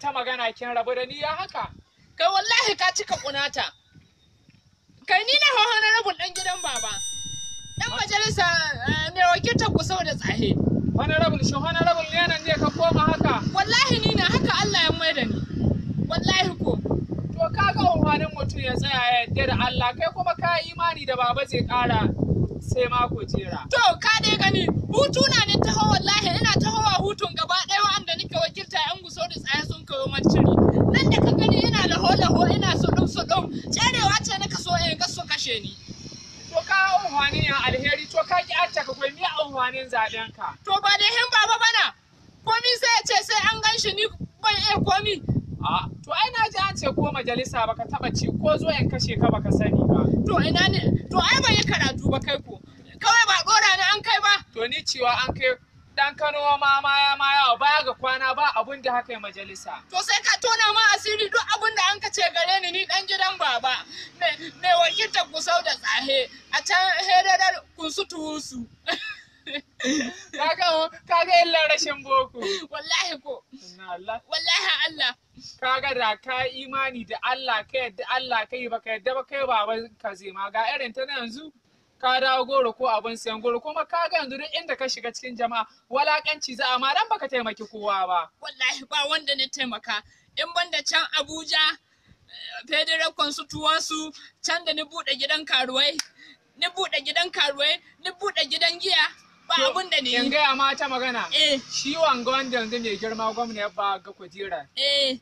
ta magana kin rabu da ni ya haka kai wallahi ka cika kunata kai ni na hawa na rabin dan gidan baba dan majalisa eh, mai wakiltar ku sau da tsahe rabu shi rabu ne nan ne ka koma haka wallahi ni na haka Allah ya mai da ni wallahi ko to ka ga umarnin mutum ya tsaya ya yarda da Allah kai kuma ka imani da baba zai kara sai mako jera to ka dai gani hutu na ne taho wallahi ina kashe ni to ka amfani ya alheri to ka ki atta ka kwai mi amfanin zaben ka to ba da hin baba bana komi sai ya ce sai an gan shi ni ban iya komi a to ai na ji an ce ko majalisa baka taba ci ko zo yan kashe ka baka sani ba to ina ne to ai ban yi karatu ba kai ko kawai ba dora ni an kai ba to ni cewa an kai dan Kano ma ma ya baya ga kwana ba abun da haka majalisa. To sai ka tona ma asiri duk abun da an ka gare ni ni dan gidan baba. he a can he da da kunsu tusu kaga kaga illa rashin boko wallahi ko wallahi Allah kaga da ka imani da Allah ka yadda Allah ka yi baka yadda ba kai baban ka zema ga irin ta na yanzu ka dawo goro ko abin sayan goro kuma ka ga yanzu duk inda ka shiga cikin jama'a walakanci za a ma dan baka taimaki kowa ba wallahi ba wanda ne taimaka in banda can Abuja federal constituency can da ni buɗe gidan karuwai ni buɗe gidan karuwai ni bude gidan giya ba abun da ne In gaya ma ta magana eh shi wanga wanda yanzu mai girma gwamna ya ba ga kujera eh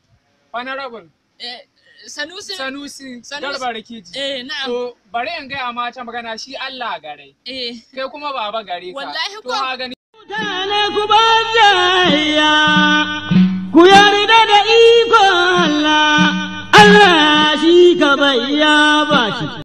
honorable eh sanusi sanusi garba rikiji eh na'am to bare in gaya ma ta magana shi Allah gare eh kai kuma baba gare ka wallahi ko to ga ni gaba iya ba shi.